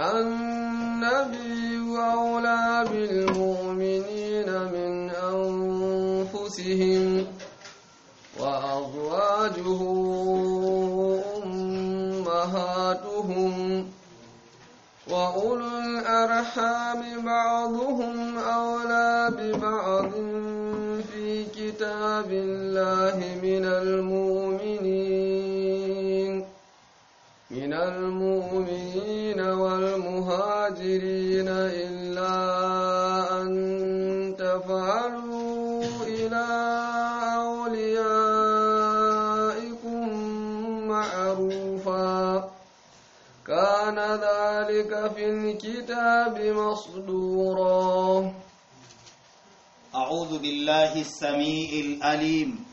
النبي أولى بالمؤمنين من أنفسهم وأزواجه أمهاتهم وأولو الأرحام بعضهم أولى ببعض في كتاب الله من المؤمنين بمصدورا مصدورا أعوذ بالله السميع الأليم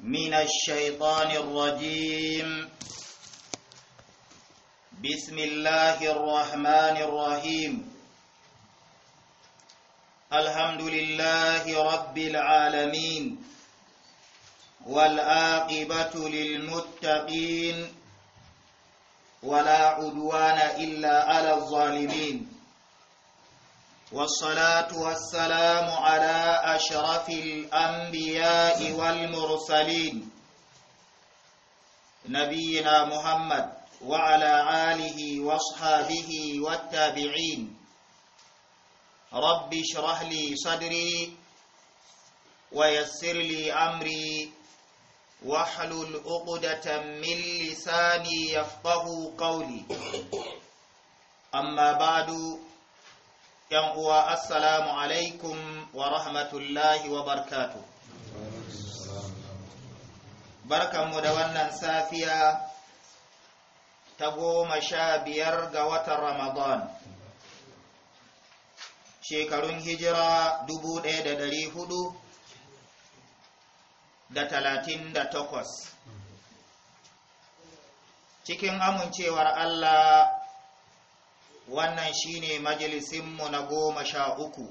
من الشيطان الرجيم بسم الله الرحمن الرحيم الحمد لله رب العالمين والآقبة للمتقين ولا عدوان إلا على الظالمين والصلاة والسلام على أشرف الأنبياء والمرسلين نبينا محمد وعلى آله وصحابه والتابعين رب اشرح لي صدري ويسر لي أمري واحلل عقدة من لساني يفقه قولي أما بعد ينقوى السلام عليكم ورحمة الله وبركاته بركة مدونا سافية تقوم شابير قوة رمضان shekarun hijira dubu ɗaya da ɗari hudu da talatin da takwas cikin amincewar Allah wannan shine majalisinmu na goma sha uku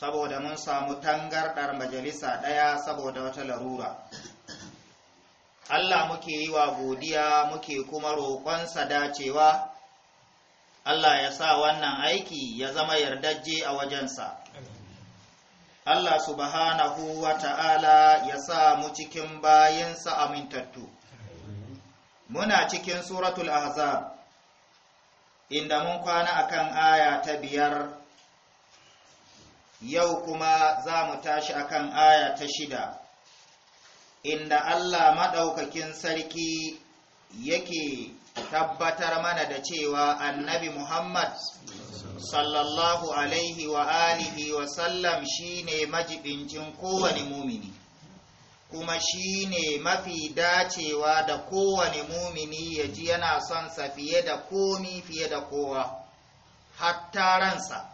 saboda mun samu tangarɗar majalisa ɗaya saboda wata larura Allah muke yi wa godiya muke kuma roƙonsa dacewa Allah ya sa wannan aiki ya zama yardajje a wajensa. Allah subhanahu wa ta'ala ya sa mu cikin bayansa amintattu. Muna cikin suratul Ahzab, inda mun kwana akan aya ta biyar, yau kuma za mu tashi akan aya ta shida, inda Allah maɗaukakin sarki yake tabbatar mana da cewa annabi Muhammad sallallahu alaihi wa alihi wa sallam shi ne majibincin kowane mumini kuma shi ne mafi dacewa da kowane mumini ya ji yana son sa fiye da komi fiye da kowa hatta ransa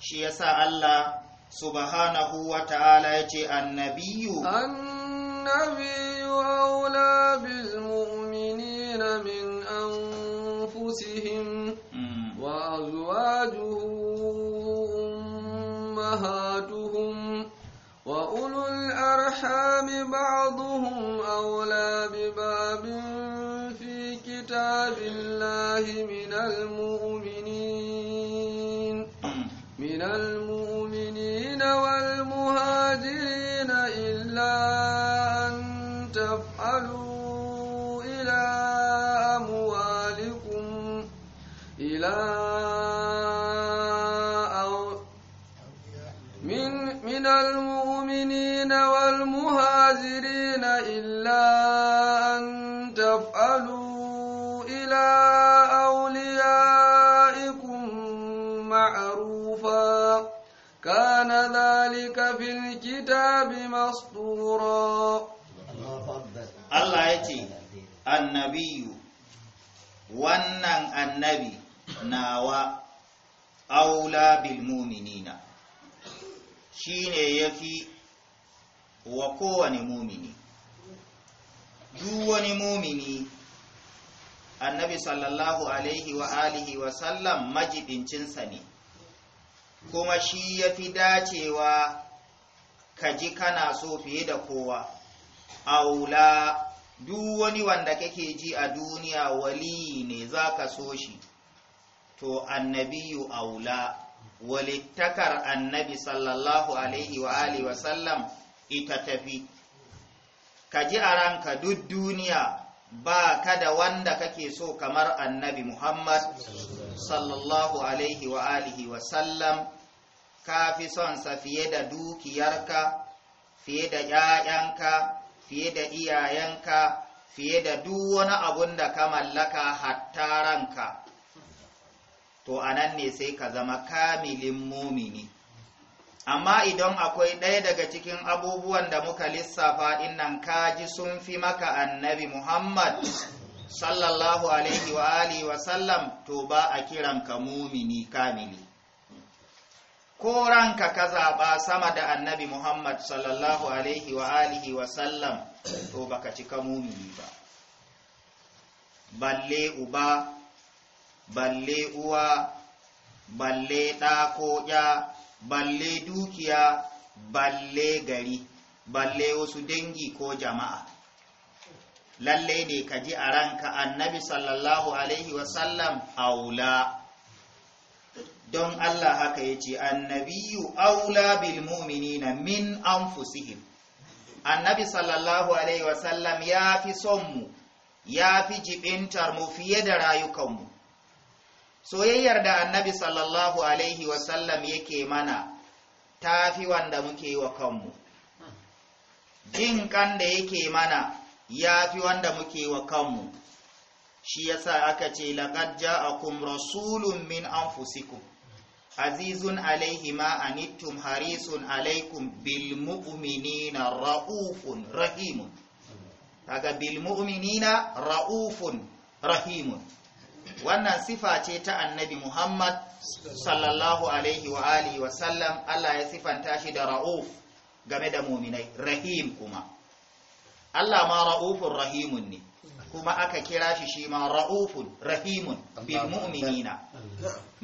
shi sa Allah subhanahu wa ta'ala ya ce annabiyu annabiyu aula bil يخرجن من أنفسهم وأزواجه أمهاتهم وأولو الأرحام بعضهم أولى بباب في كتاب الله من المؤمنين من المؤمنين الكافرين إلا أن تفعلوا إلى أوليائكم معروفا كان ذلك في الكتاب مسطورا الله يتي النبي wannan annabi nawa aula bil mu'minina shine yafi wa kowane mumini duk wani mumini annabi sallallahu alaihi wa alihi wa sallam majibincinsa ne kuma shi ya fi dacewa ka ji kana so fiye da kowa aula duk wani wanda kake ji a duniya wali ne za ka so shi to annabiyu aula walittakar annabi sallallahu alaihi wa alihi wa sallam ita tafi ka ji a ranka duk duniya ba ka da wanda kake so kamar annabi muhammad sallallahu alaihi wa alihi wa sallam ka fi sonsa fiye da dukiyarka fiye da ‘ya'yanka fiye da iyayenka fiye da duk wani abun da ka mallaka hatta ranka to anan ne sai ka zama kamilin mumini amma idan akwai ɗaya daga cikin abubuwan da muka lissafa innan kaji sun fi maka annabi muhammad sallallahu alaihi wa alihi wa sallam to ba a kiran ka mumini kamili ko ranka ka zaɓa sama da annabi muhammad sallallahu alaihi wa alihi wa sallam to ka cika mumini ba balle uba balle uwa balle ɗa ko ya balle dukiya balle gari balle wasu dangi ko jama'a lalle ne ka ji a ranka annabi sallallahu alaihi wasallam aula don Allah haka ya ce annabiyu aula bil mu'minina min anfusihim annabi sallallahu alaihi wasallam ya fi son mu ya fi jibintar mu fiye da rayukanmu soyayyar da annabi sallallahu alaihi wasallam yake mana ta fi wanda muke yi wa kanmu jin kan da yake mana ya fi wanda muke yi wa kanmu shi yasa aka ce a ja'akum rasulun min fusiku. azizun alaihi ma anittum harisun alaikum bil mu'minina raufun rahimun daga raufun rahimun wannan sifa ce ta annabi Muhammad sallallahu alaihi wa alihi wa sallam Allah ya sifanta shi da ra'uf game da muminai rahim kuma Allah ma ra'ufun rahimun ne kuma aka kira shi shi ma ra'ufun rahimun bil mu'minina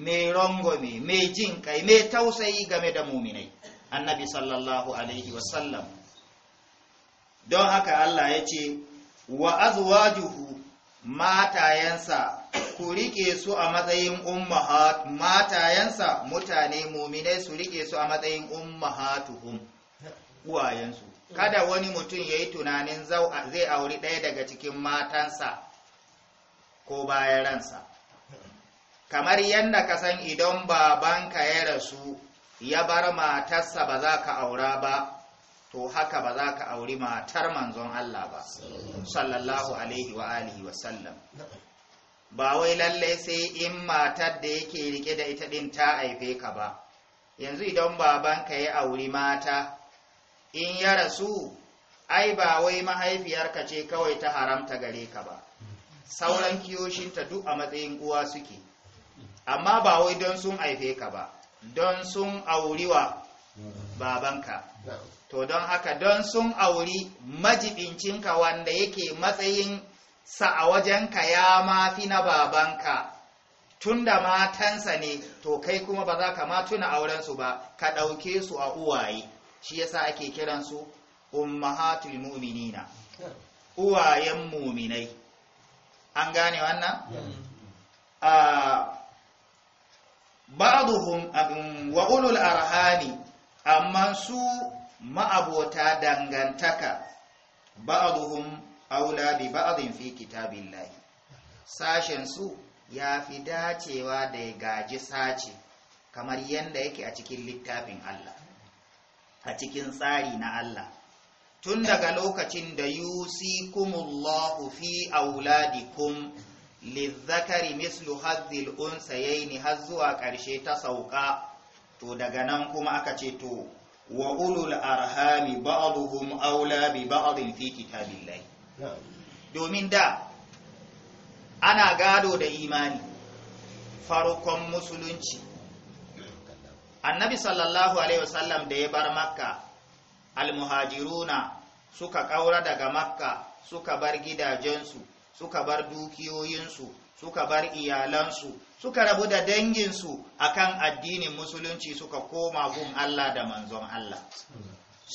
mai me, mai jin kai mai tausayi game da muminai annabi sallallahu alaihi wa sallam don haka Allah ya ce wa azwajuhu matayensa ku rike su a matsayin ummahat matayensa mutane muminai su rike su a matsayin ummahatuhum uwayensu kada wani mutum ya yi tunanin zai auri ɗaya daga cikin matansa ko bayan ransa kamar yadda ka san idan babanka ya rasu ya bar matarsa ba za ka aura ba to haka ba za ka auri matar manzon Allah ba sallallahu alaihi wa alihi wa sallam ba wai lalle sai in matar da yake rike da ita din ta haife ka ba yanzu idan babanka ya auri mata in ya rasu ai ba wai mahaifiyarka ce kawai ta haramta gare ka ba sauran kiyoshinta duk a matsayin uwa suke amma ba wai don sun haife ka ba don sun auriwa babanka to don haka don sun auri majibincinka wanda yake matsayin sa a wajenka ya mafi na babanka tunda matansa ne to kai kuma ba za ka ma tuna aurensu ba ka ɗauke su a uwaye shi yasa ake kiransu ummahatul mu'minina uwayen muminai an gane wannan ba'duhum um, wa ulul arhami amma su ma'abota dangantaka ba'duhum aula bi ba'dhin fi kitabillahi sashen su ya fi dacewa da ya gaji sace kamar yanda yake a cikin littafin Allah a cikin tsari na Allah tun daga lokacin da yusikumullahu fi auladikum lizzakari mislu hazzil unsayaini har zuwa ƙarshe ta sauka to daga nan kuma aka ce to wa ulul arhami ba'dhum aula bi ba'dhin fi kitabillahi domin da ana gado da imani farkon musulunci annabi sallallahu alaihi wasallam da ya bar makka almuhajiruna suka kaura daga makka suka bar gidajensu suka bar dukiyoyinsu suka bar iyalansu suka rabu da danginsu akan addinin musulunci suka koma gun Allah da manzon Allah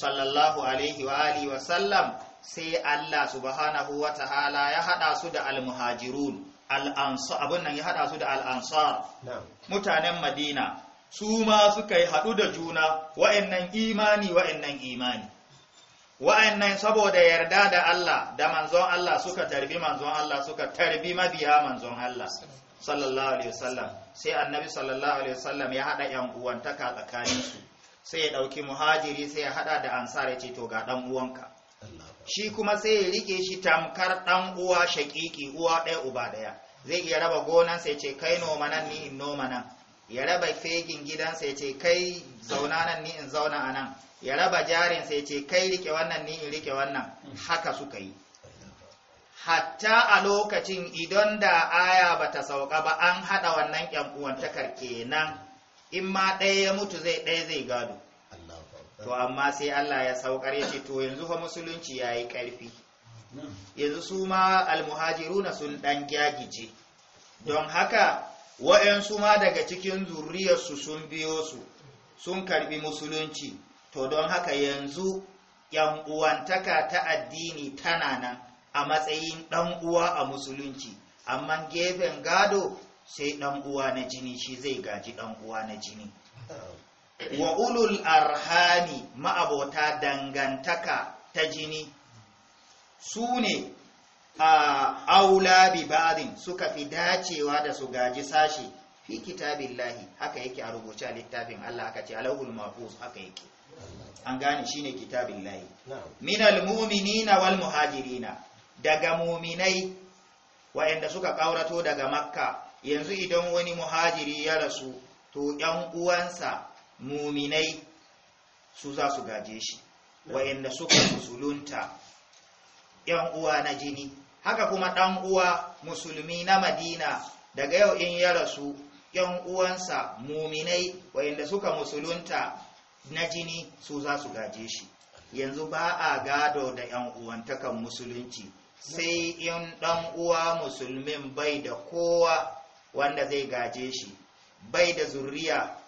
sallallahu alaihi wa alihi wa sallam sai Allah subhanahu wa ta'ala ya hada su da almuhajirun al'ansar abin nan ya hada su da al'ansar mutanen madina su ma suka yi haɗu da juna wa'annan imani wa'annan imani wa'annan saboda yarda da Allah da manzon Allah suka tarbi manzon Allah suka tarbi mabiya manzon Allah sallallahu alaihi wasallam sai annabi sallallahu alaihi wasallam ya hada yan uwantaka tsakaninsu, sai ya dauki muhajiri sai ya hada da ansar ya ce to ga dan uwanka shi kuma sai ya rike shi tamkar ɗan uwa shaƙiƙi uwa ɗaya uba ɗaya zai iya raba gonansa ya ce kai noma nan ni in noma nan ya raba fegin gidan ya ce kai zauna nan ni in zauna a nan ya raba jarin ya ce kai rike wannan ni in rike wannan haka suka yi hatta a lokacin idan da aya ba ta sauka ba an haɗa wannan ƴan uwantakar nan, in ma ɗaya ya mutu zai ɗaya zai gado to amma sai Allah ya saukar ya ce to yanzu fa musulunci ya yi ƙarfi. yanzu su ma na sun dan gyagice. don haka wa'yansu ma daga cikin zurriyarsu sun biyo su sun karbi musulunci to don haka yanzu yan uwantaka ta addini tana nan a matsayin dan uwa a musulunci amma gefen gado sai dan uwa na jini shi zai gaji dan uwa na jini wa ulul arhani ma'abota dangantaka ta jini su ne a aula bi ba'din suka fi dacewa da su gaji sashi fi kitabin Lahi. haka yake a rubuce a littafin Allah aka ce alawul mahfuz haka yake an gane kitabin lahi minal mu'minina wal muhajirina daga mu'minai wa'anda suka kaurato daga makka yanzu idan wani muhajiri ya rasu to yan uwansa muminai su za su gaje shi wa'inda suka musulunta yan uwa na jini haka kuma ɗan uwa musulmi na madina daga yau in ya rasu yan uwansa muminai wa'inda suka musulunta na jini su za su gaje shi yanzu ba a gado da yan uwantakan musulunci sai in dan uwa musulmin bai da kowa wanda zai gaje shi bai da zuriya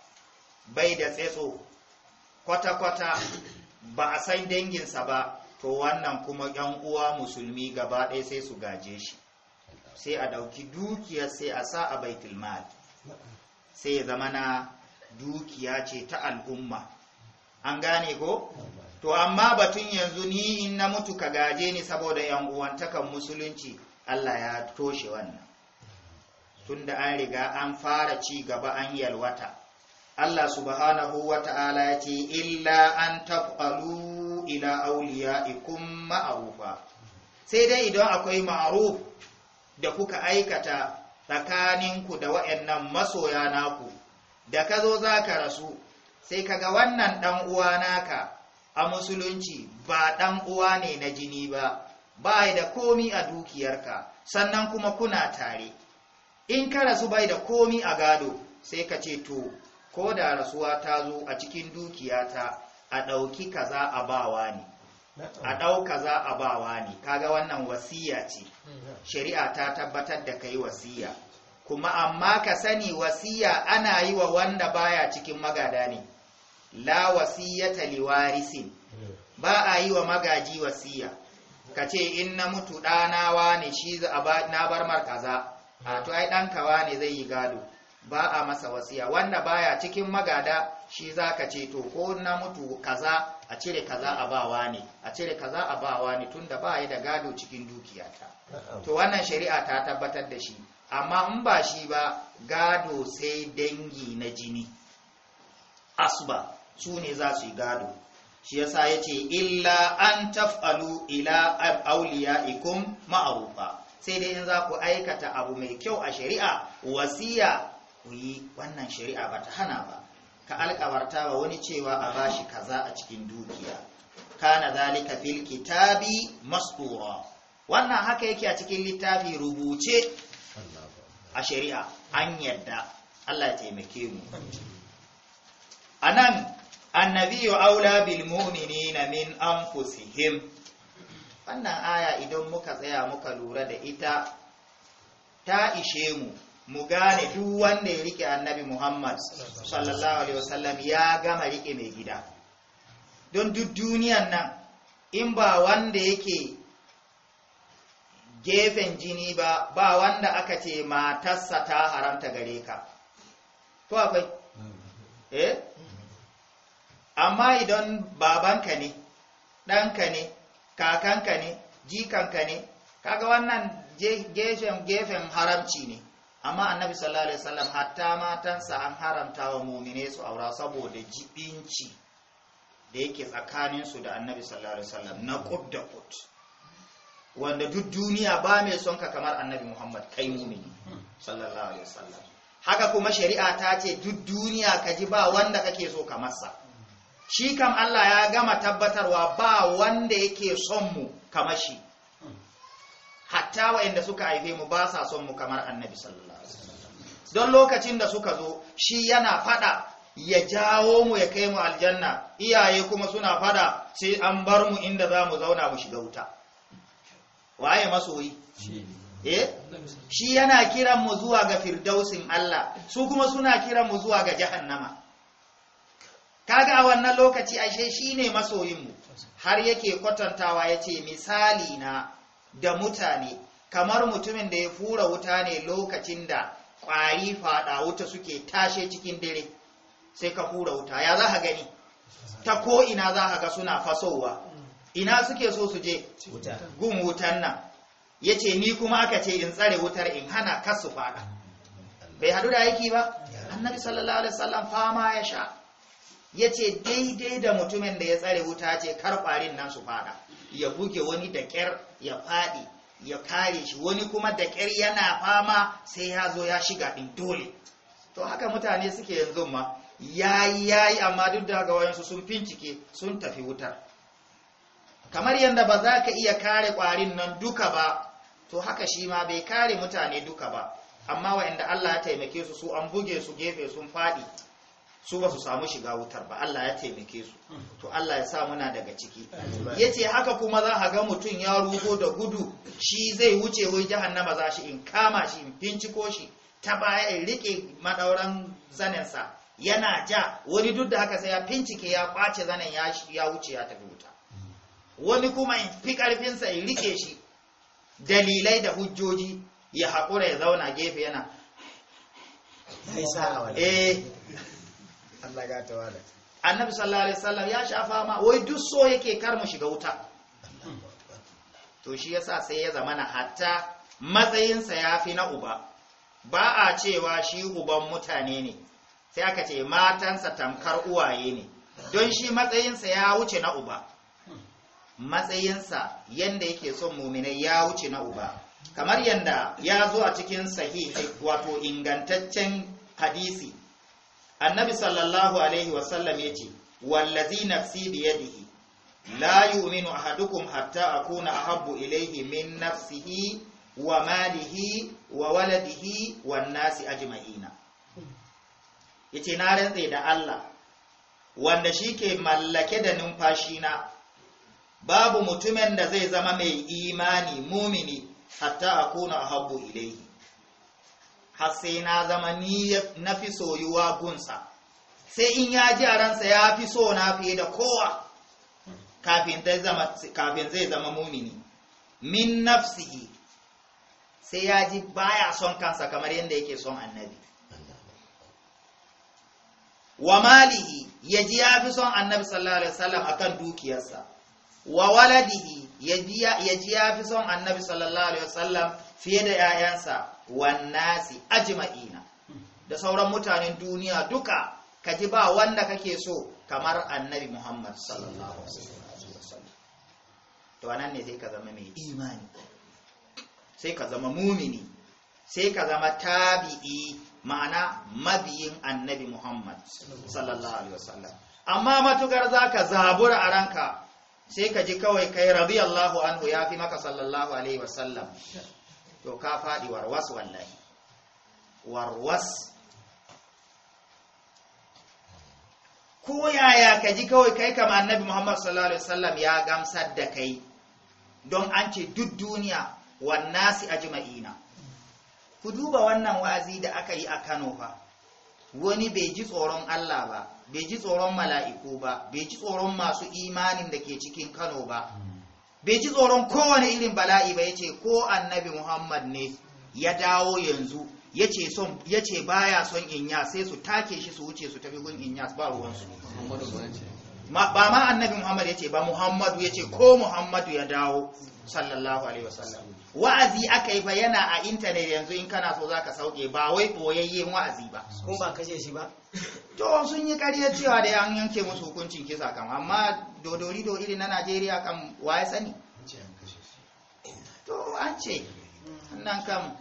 bai da tsetso kwata-kwata ba a san danginsa ba to wannan kuma yan uwa musulmi gaba ɗaya sai su gaje shi sai a ɗauki dukiyar sai a sa a baitul mal sai ya zama na dukiya ce ta al'umma an gane ko to amma batun yanzu ni in na mutu ka gaje ni saboda yan uwantakan musulunci Allah ya toshe wannan tunda an riga an fara ci gaba an yalwata Allah subhanahu wa ta'ala ya ce illa an taf'alu ila auliya'ikum ma'rufa sai dai idan akwai ma'ruf da kuka aikata tsakaninku da waɗannan masoya naku da ka zo za ka rasu sai kaga wannan ɗan uwa naka a musulunci ba ɗan uwa ne na jini ba ba da komi a dukiyarka sannan kuma kuna tare in ka rasu bai da komi a gado sai ka ce to ko da rasuwa ta zo a cikin dukiyata a ɗauki kaza a bawa ne a ɗauka za a bawa ne kaga wannan wasiya ce shari'a ta tabbatar da kai wasiya kuma amma ka sani wasiya ana yi wa wanda baya cikin magada ne la wasiyata liwarisin eh. ba a yi wa magaji wasiya ka ce in na mutu ɗanawa ne shi na bar markaza a to ai ɗanka wa ne zai yi gado ba a masa wasiya wanda baya cikin magada shi zaka ce to ko na mutu kaza a cire kaza a bawa ne a cire kaza a bawa ne tunda ba ya da gado cikin dukiyata to wannan shari'a ta tabbatar da shi amma in ba shi ba gado sai dangi na jini asba su ne za su yi gado shi yasa yace illa an taf'alu ila awliyaikum ma'rufa sai dai in za ku aikata abu mai kyau a shari'a wasiya ku yi wannan shari'a ba ta hana ba ka alkawarta wa wani cewa a ba shi kaza a cikin dukiya kana zalika fil kitabi mastura wannan haka yake a cikin littafi rubuce a shari'a an yadda Allah ya taimake mu anan annabi aula bil mu'minina min anfusihim wannan aya idan muka tsaya muka lura da ita ta ishe mu mu gane duk wanda ya rike annabi Muhammad sallallahu alaihi wasallam ya gama rike mai gida don duk duniyan nan in ba wanda yake gefen jini ba ba wanda aka ce matarsa ta haramta gare ka to akwai eh amma idan babanka ne ɗanka ne kakanka ne jikanka ne kaga wannan gefen gefen haramci ne amma annabi sallallahu alaihi wasallam hatta matansa an haramta wa mumine su aura saboda jibinci da yake tsakanin su da annabi sallallahu alaihi wasallam na qub da qut wanda duk duniya ba mai son ka kamar annabi Muhammad kai mumini sallallahu alaihi wasallam haka kuma shari'a ta ce duk duniya ka ji ba wanda kake so kamar sa shi kam Allah ya gama tabbatarwa ba wanda yake son mu kamar shi hatta wa'anda suka haife mu ba sa son mu kamar annabi sallallahu don lokacin da suka zo shi yana fada ya jawo mu ya kai mu aljanna iyaye kuma suna fada sai an bar mu inda za mu zauna mu shiga wuta waye masoyi eh shi yana kiran mu zuwa ga firdausin Allah su kuma suna kiran mu zuwa ga jahannama kaga a wannan lokaci ashe shine masoyin mu har yake kwatantawa yace misali na da mutane kamar mutumin da ya fura wuta ne lokacin da Kwari fada wuta suke tashe cikin dare sai ka hura wuta ya za ka gani ta ko ina za ka ga suna fasowa ina suke so su je gun wutan nan ya ce ni kuma aka ce in tsare wutar in hana kasu fada. bai hadu da aiki ba annabi sallallahu alaihi wasallam fama ya sha ya ce daidai da mutumin da ya tsare wuta ce kar kwarin nan su fada. ya buge wani da ƙyar ya fadi. ya kare shi wani kuma da ƙyar yana fama sai ya zo ya shiga ɗin dole to haka mutane suke yanzu ma yayi yayi amma duk da ga wayansu sun fincike sun tafi wutar kamar yadda ba za ka iya kare ƙwarin nan duka ba to haka shi ma bai kare mutane duka ba amma wa'inda Allah ya taimake su su an buge su gefe sun faɗi su ba su samu shiga wutar ba Allah ya taimake su hmm. to Allah ya sa muna daga ciki hmm. yace haka kuma za a ga mutum ya rugo da gudu shi zai wuce wai jahannama za shi in kama shi in finciko shi ta baya in rike madauran zanensa yana ja wani duk da haka sai ya fincike ya kwace zanen ya wuce ya tafi wuta wani kuma in fi karfinsa in rike shi dalilai da hujjoji ya haƙura ya zauna gefe yana eh Allah ga ta wada annabi sallallahu alaihi wasallam ya shafa ma wai duk so yake kar mu shiga wuta to shi yasa sai ya zamana hatta matsayinsa ya fi na uba ba a cewa shi uban mutane ne sai aka ce matansa tamkar uwaye ne don shi matsayinsa ya wuce na uba matsayinsa yanda yake son muminai ya wuce na uba kamar yanda ya zo a cikin sahihi wato ingantaccen hadisi annabi sallallahu alaihi wasallam ya ce wallazi nafsi biyadihi la yu'minu ahadukum hatta akuna ahabbu ilaihi min nafsihi wa malihi wa waladihi wan nasi ajma'ina yace na rantsa da Allah wanda shike mallake da numfashina babu mutumin da zai zama mai imani mumini hatta akuna ahabbu ilaihi har sai na zama fi soyuwa gunsa sai in ya ji a ransa ya fi so na fiye da kowa kafin zai zama mumini min nafsihi sai ya ji baya son kansa kamar yadda yake son annabi wa malihi ya ji ya fi son annabi sallallahu alaihi wasallam akan dukiyarsa wa waladihi ya ji ya fi son annabi sallallahu alaihi wasallam fiye da 'ya'yansa wan nasi ajma'ina da sauran mutanen duniya duka kaji ba wanda kake so kamar annabi Muhammad sallallahu alaihi wasallam to anan ne sai ka zama mai imani sai ka zama mumini sai ka zama tabi'i ma'ana mabiyin annabi Muhammad sallallahu alaihi wasallam amma matukar zaka zabura a ranka sai ka ji kawai kai radiyallahu anhu yafi maka sallallahu alaihi wasallam to ka faɗi warwas wallahi warwas ko yaya ka ji kawai kai kama annabi muhammad sallallahu alaihi wasallam ya gamsar da kai don an ce duk duniya wannasi ajma'ina ku duba wannan wazi da aka yi a kano fa wani bai ji tsoron allah ba bai ji tsoron mala'iku ba bai ji tsoron masu imanin da ke cikin kano ba bai ji tsoron kowane irin bala'i ba yace ko annabi Muhammad ne ya dawo yanzu yace ce ba baya son inyas sai su take shi su wuce su tafi gun inyas ba ruwansu ba ma annabi muhammad ya ce ba muhammadu ce ko muhammadu ya dawo sallallahu alaihi wasallam wa'azi aka yi yana a intanet yanzu in kana so zaka sauke ba wai boyayyen wa'azi ba Ko ba kashe shi ba to sun yi kariya cewa da an yanke musu hukuncin kisa kan amma dodori do irin na Najeriya kan waye sani to an ce nan kam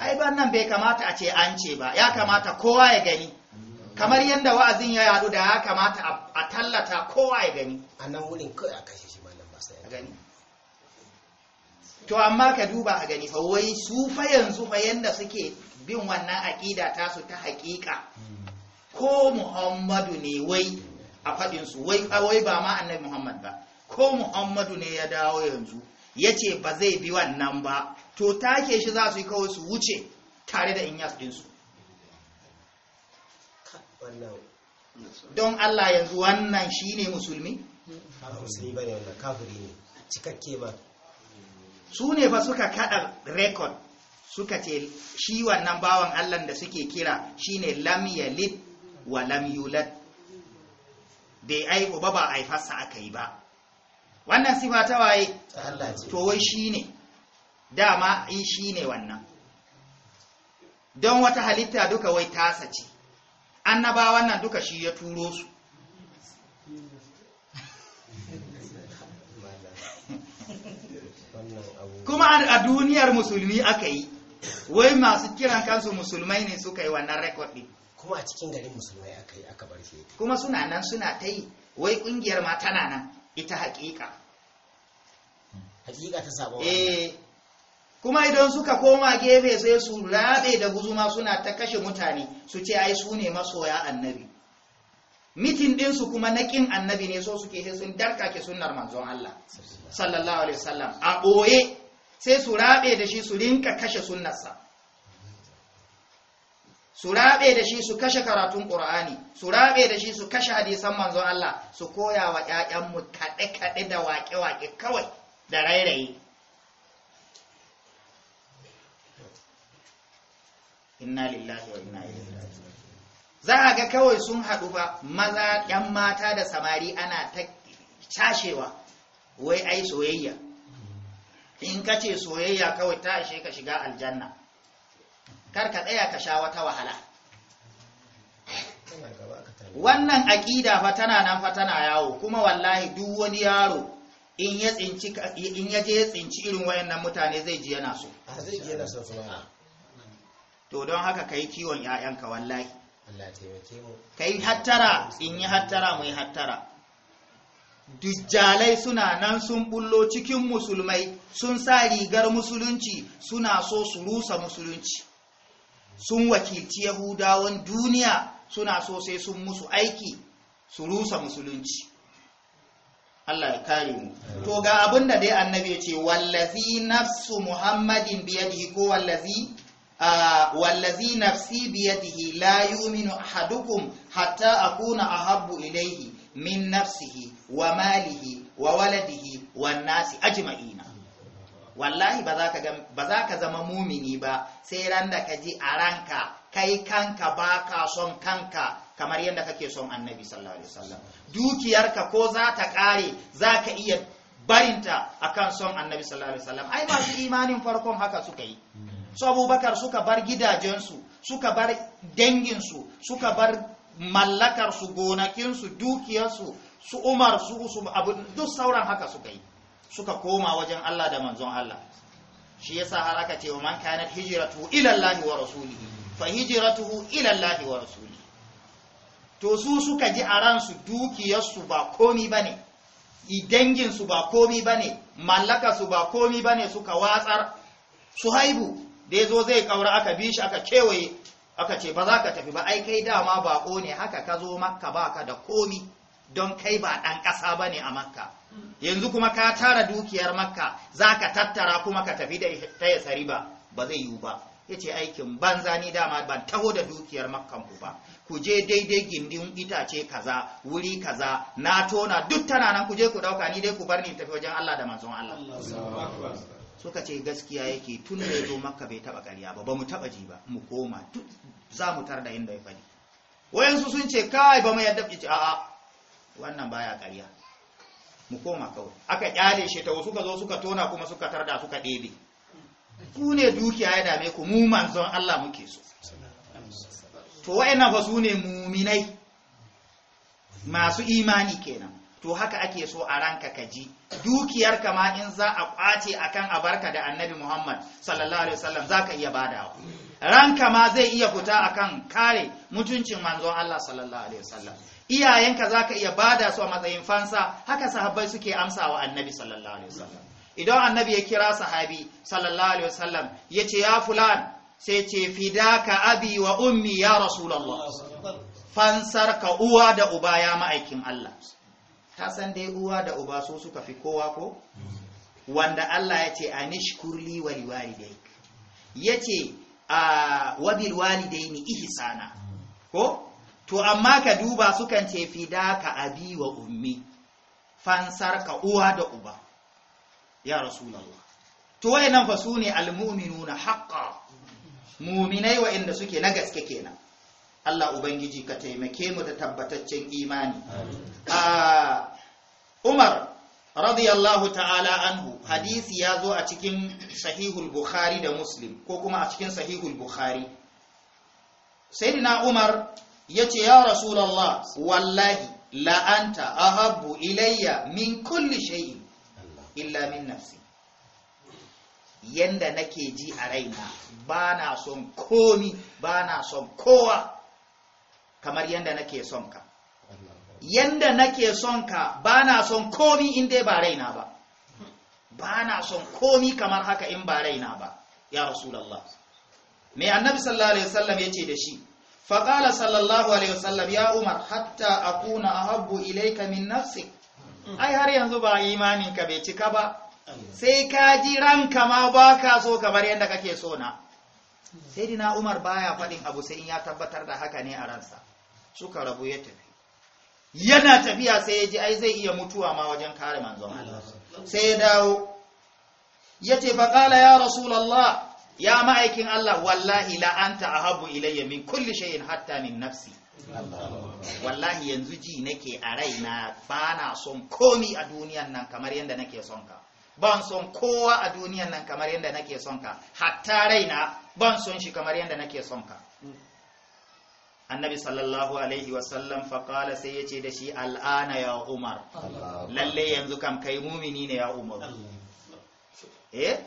ai ban nan bai kamata a ce an ce ba ya kamata kowa ya gani kamar yadda wa'azin ya yadu da ya kamata a tallata kowa ya gani a nan wurin kawai a kashe shi malam ba sai gani to amma ka duba a gani fawai su fa yanzu fa yanda suke bin wannan aƙida ta su ta haƙiƙa ko muhammadu ne wai a faɗin su wai wai ba ma annabi muhammad ba ko muhammadu ne ya dawo yanzu ya ce ba zai bi wannan ba to take shi za su yi kawai su wuce tare da inyas ɗinsu don Allah yanzu wannan ne musulmi musulmi ne wannan kafiri ne cikakke ba su ne fa suka kada rekod suka ce shi wannan bawan Allah da suke kira shi lam yalid wa lam yulad bai aiko ba ba aifarsa aka yi ba wannan sifa ta waye to wai ne. dama in ne wannan don wata halitta duka wai tasa ce annabawan nan duka shi ya turo su kuma a duniyar musulmi aka yi wai masu kiran kansu musulmai ne suka yi wannan rekodin kuma a cikin garin musulmai aka yi aka barfe kuma suna nan suna ta yi wai kungiyar ma tana nan ita haƙiƙa. Haƙiƙa ta sabo eh kuma idan suka koma gefe sai su rabe da guzuma suna ta kashe mutane su ce ai su ne masoya annabi mitin ɗinsu kuma na ƙin annabi ne so suke sun darka ke sunnar manzon Allah sallallahu alaihi wasallam a ɓoye sai su rabe da shi su rinka kashe sunnarsa su rabe da shi su kashe karatun ƙur'ani su rabe da shi su kashe hadisan manzon Allah su koya wa ‘ya'yanmu kaɗe-kaɗe da waƙe-waƙe kawai da rairaye. inna lillahi wa inna ilaihi raji'un za a ga kawai sun haɗu ba maza yan mata da samari ana ta cashewa wai ai soyayya in ka ce soyayya kawai ta ashe ka shiga aljanna kar ka tsaya ka sha wata wahala wannan aƙida fa tana nan fa tana yawo kuma wallahi duk wani yaro in ya je ya tsinci irin wayannan mutane zai ji yana so ah, to don haka ka yi kiwon 'yayanka wallahi Ka yi hattara in yi hattara mu yi hattara dujjalai suna nan sun bullo cikin musulmai sun sa rigar musulunci suna so su rusa musulunci sun wakilci yahudawan duniya suna so sai sun musu aiki su rusa musulunci Allah ya kare mu to ga abinda da dai annabi ya ce wallazi nafsu muhammadin biyadihi ko wallazi wallazi nafsi biyadihi la yu'minu ahadukum hatta akuna ahabbu ilayhi min nafsihi wa malihi wa waladihi wan nasi ajma'ina wallahi ba za ka zama mumini ba sai ran da ka ji a ranka kai kanka ba ka son kanka kamar yadda kake son annabi sallallahu alaihi wasallam dukiyarka ko za ta kare za ka iya barinta akan son annabi sallallahu alaihi wasallam ai masu imanin farkon haka suka yi su abubakar suka bar gidajensu suka bar denginsu, suka bar mallakarsu gonakinsu dukiyarsu su umar su su abu duk sauran haka suka yi suka koma wajen Allah da manzon Allah shi yasa har aka ce man kanat hijratu ila Allah wa rasuli. fa hijratuhu ila Allah wa rasuli. to su suka ji a ransu dukiyarsu ba komi bane idangin su ba komi bane mallaka su ba komi bane suka watsar su haibu da ya zo zai kaura aka bi shi aka kewaye aka ce ba za ka tafi ba ai kai dama bako ne haka ka zo makka baka da komi don kai ba ɗan ƙasa ba ne a makka yanzu kuma ka tara dukiyar makka za ka tattara kuma ka tafi da ta ya sari ba ba zai yiwu ba ya ce aikin banza ni dama ban taho da dukiyar makkan ku ba ku je daidai gindin itace kaza wuri kaza na tona duk tana nan ku je ku dauka ni dai ku bar ni tafi wajen Allah da manzon Allah suka ce gaskiya yake tun da ya zo makka bai taba ƙarya ba ba mu taba ji ba mu koma za mu tar da inda ya faɗi wayansu sun ce kai ba mu yadda ce a'a wannan baya ƙarya mu koma kawai aka kyale shi ta ka zo suka tona kuma suka tarda suka ɗebe ku ne dukiya ya dame ku mu manzon Allah muke so to wayannan ba su ne muminai masu imani kenan to haka ake so a ranka ka ji dukiyar ka ma in za a kwace akan a barka da annabi Muhammad sallallahu alaihi wasallam zaka iya badawa ranka ma zai iya fita kan kare mutuncin manzon Allah sallallahu alaihi wasallam iyayenka zaka iya bada su a matsayin fansa haka sahabbai suke amsa wa annabi sallallahu alaihi wasallam idan annabi ya kira sahabi sallallahu alaihi wasallam yace ya fulan sai ce fidaka abi wa ummi ya rasulullah fansar ka uwa da uba ya ma'aikin Allah ka san dai uwa da uba so suka fi kowa ko wanda Allah ya ce anishkurli wali walidayk yace a wabil walidaini ihsana ko to amma ka duba sukan ce fidaka abi wa ummi fansar ka uwa da uba ya rasulullah to wayannan fa sune almu'minuna haqqan mu'minai inda suke na gaske kenan Allah Ubangiji ka taimake mu da tabbataccen imani. Ah, Umar radiyallahu ta'ala anhu hadisi ya zo a cikin sahihul Bukhari da Muslim ko kuma a cikin sahihul Bukhari. na Umar ya ce ya Rasulallah wallahi la'anta ahabbu ilayya min kulli shayi, illa min nafsi. Yanda nake ji a raina ba na son komi ba na son kowa. kamar yanda nake son ka yanda nake son ka ba na son komi in dai ba raina ba ba na son komi kamar haka in ba raina ba ya rasulallah mai annabi sallallahu alaihi wasallam ya ce da shi faƙala sallallahu alaihi wasallam ya umar hatta akuna ahabbu ilaika min nafsi ai har yanzu ba ka bai cika ba sai ka ji ranka ma ba so kamar yadda kake so na sayyidina Umar baya faɗin abu sai in ya tabbatar da haka ne a ransa suka rabu ya tafi yana tafiya sai ya ji ai zai iya mutuwa ma wajen kare manzon Allah sai ya dawo yace fa qala ya rasulullah ya ma'aikin Allah wallahi la anta ahabu ilayya min kulli shay'in hatta min nafsi wallahi yanzu ji nake a raina bana son komi a duniyan nan kamar yanda nake son ka ban son kowa a duniyan nan kamar yanda nake son ka hatta raina ban son shi kamar yadda nake son ka hmm. annabi sallallahu alaihi wasallam faƙala sai yace ce da shi al'ana ya umar lalle yanzu kam kai mumini ne ya umar eh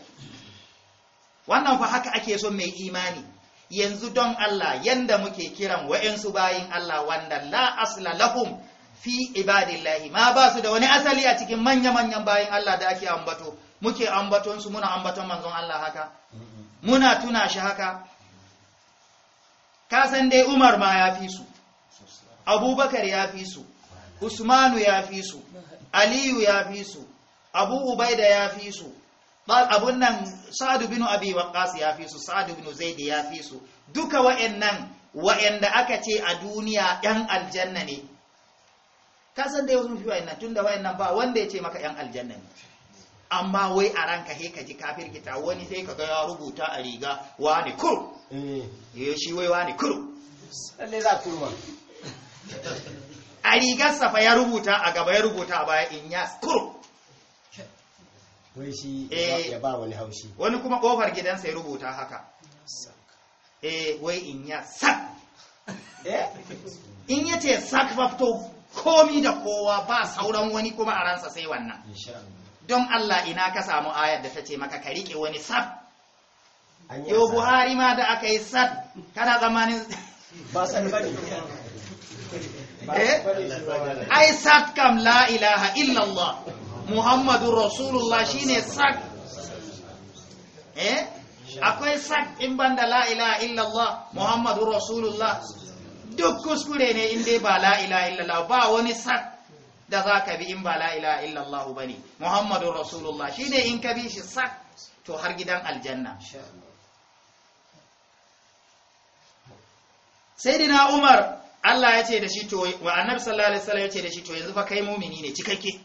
wannan fa haka ake son mai imani yanzu don Allah yanda muke kiran wa'yansu bayin Allah wanda la asla lahum fi ibadillahi ma ba su da wani asali a cikin manya-manyan bayin Allah da ake ambato muke ambaton su muna ambaton manzon Allah haka muna tuna shi haka kasan dai umar ma ya fi su abubakar ya fi su usmanu ya fi su aliyu ya fi su abu ubaida ya fi su abun nan sa'adu bin abi waqqas ya fi su sa'adu bin zaid ya fi su duka wa'annan wa'anda aka ce a duniya yan aljanna ne kasan dai wasu fi wa'annan tunda wa'annan ba wanda ya ce maka yan aljanna ne amma wai a ranka he ka ji kafir kita wani sai ka ga ya rubuta a riga wani kuru eh, eh shi wai wani kuru lalle za kurma a riga safa ya rubuta a gaba ya rubuta a baya in ya kuru wai shi ya ba eh. wani haushi wani kuma kofar gidansa ya rubuta haka eh wai in ya sak eh. in ya ce sak fafto komi da kowa ba sauran wani kuma a ransa sai wannan don Allah ina ka samu ayar da ta ce maka ka riƙe wani sab yau buhari ma da aka yi sad kana zamanin eh? ai sad kam la ilaha illallah muhammadu rasulullah shine sad eh akwai sad in banda la ilaha illallah muhammadu rasulullah duk kuskure ne in dai ba la ilaha illallah ba wani sad da za ka bi in ba la ilaha illallah ba ne Muhammadu rasulullah shi ne in ka bi shi sak to har gidan aljanna sai dina umar allah ya ce da shi to wa annabi sallallahu alaihi wasallam ya ce da shi to yanzu fa kai mumini ne cikakke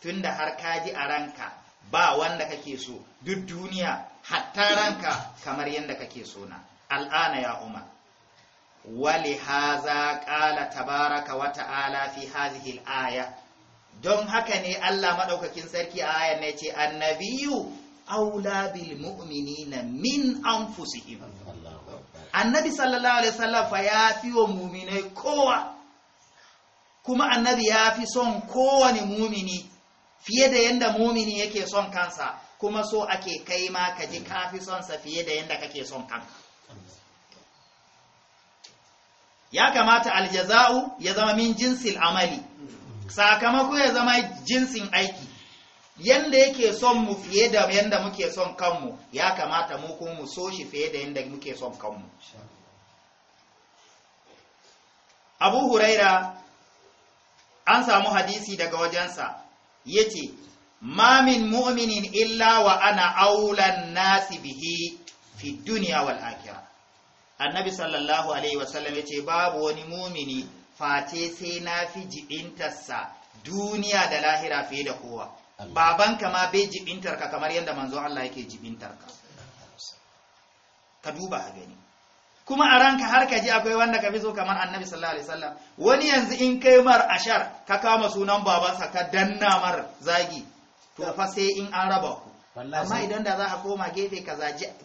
tunda har ka ji a ranka ba wanda kake so duk duniya hatta ranka kamar yadda kake so na al'ana ya umar wali haza ƙala tabaraka wa ta'ala fi hazihil aya don haka ne Allah maɗaukakin sarki a ayan ne ce annabiyu aula bil mu'minina min anfusihim annabi sallallahu alaihi wasallam fa ya fi wa muminai kowa kuma annabi ya fi son kowane mumini fiye da yanda mumini yake son kansa kuma so ake kai ma ka ji kafi son sa fiye da yanda kake son kanka ya kamata aljaza'u ya zama min jinsil amali sakamako ya zama jinsin aiki yanda yake son mu fiye da yanda muke son kanmu ya kamata mu kuma mu so shi fiye da yanda muke son kanmu abu huraira an samu hadisi daga wajensa yace ma min mu'minin illa wa ana aulan nasi bihi fi duniya wal akhirah annabi sallallahu alaihi wasallam ya ce babu wani mumini face sai na fi jibintarsa duniya da lahira fiye da kowa babanka ma bai jibintarka kamar yadda manzo Allah yake jibintarka ka duba a gani kuma a ranka har ka ji akwai wanda ka fi so kamar annabi sallallahu alaihi wasallam wani yanzu in kai mar ashar ka kama sunan babansa ka danna mar zagi to fa sai in an raba ku amma idan da za a koma gefe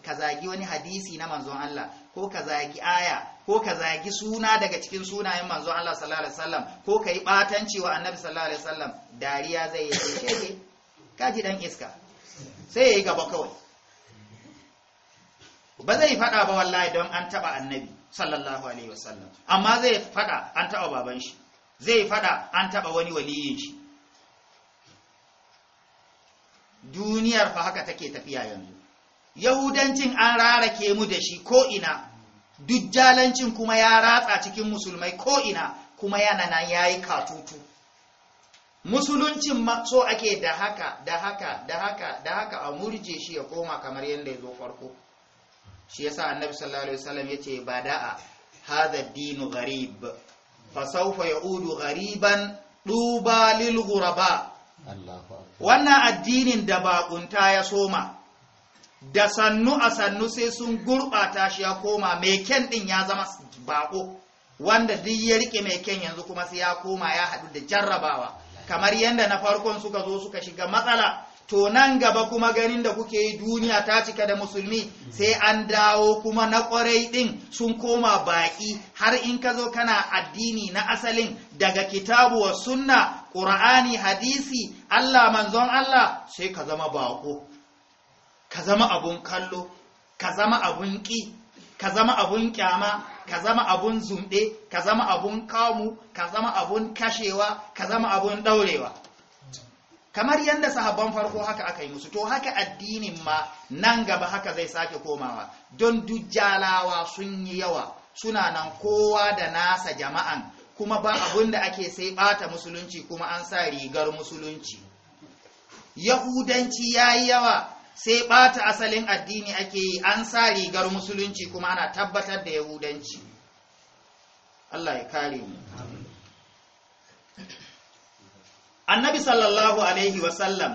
ka zagi wani hadisi na manzon Allah ko ka zagi aya ko ka zagi suna daga cikin sunayen manzo Allah sallallahu alaihi wasallam ko ka yi batanci wa annabi sallallahu alaihi wasallam dariya zai yi shege ka ji dan iska sai yayi gaba kawai ba zai fada ba wallahi don an taba annabi sallallahu alaihi wasallam amma zai fada an taba baban shi zai fada an taba wani waliyin shi duniyar fa haka take tafiya yanzu yahudancin an rarake mu da shi ko'ina dujjalancin kuma ya ratsa cikin musulmai ko'ina kuma yana nan ya yi katutu musuluncin so ake da haka da haka da haka da haka a murje shi ya koma kamar yadda ya zo farko shi yasa annabi sallallahu alaihi wasallam yace da'a, hadha ad-din gharib fa ya udu ghariban duba lil wannan addinin da bakunta ya soma da sannu a sannu sai sun gurɓata shi ya koma mai kyan ɗin ya zama bako wanda duk ya rike mai kyan yanzu kuma sai ya koma ya haɗu da jarrabawa kamar yadda na farkon suka zo suka shiga matsala to nan gaba kuma ganin da kuke yi duniya ta cika da musulmi sai an dawo kuma na ƙwarai ɗin sun koma baƙi, har in ka zo kana addini na asalin daga kitabu wa sunna ƙur'ani hadisi allah manzon allah sai ka zama baƙo ka zama abun kallo ka zama abun ƙi ka zama abun kyama ka zama abun zumɗe ka zama abun kamu ka zama abun kashewa ka zama abun ɗaurewa kamar yadda sahabban farko haka aka yi musu to haka addinin ma nan gaba haka zai sake komawa don dujjalawa sun yi yawa suna nan kowa da nasa jama'an kuma ba abun da ake sai ɓata musulunci kuma an sa rigar musulunci yahudanci ya yi yawa sai ɓata asalin addini ake yi an sa rigar musulunci kuma ana tabbatar da yahudanci Allah ya kare mu annabi sallallahu alaihi wasallam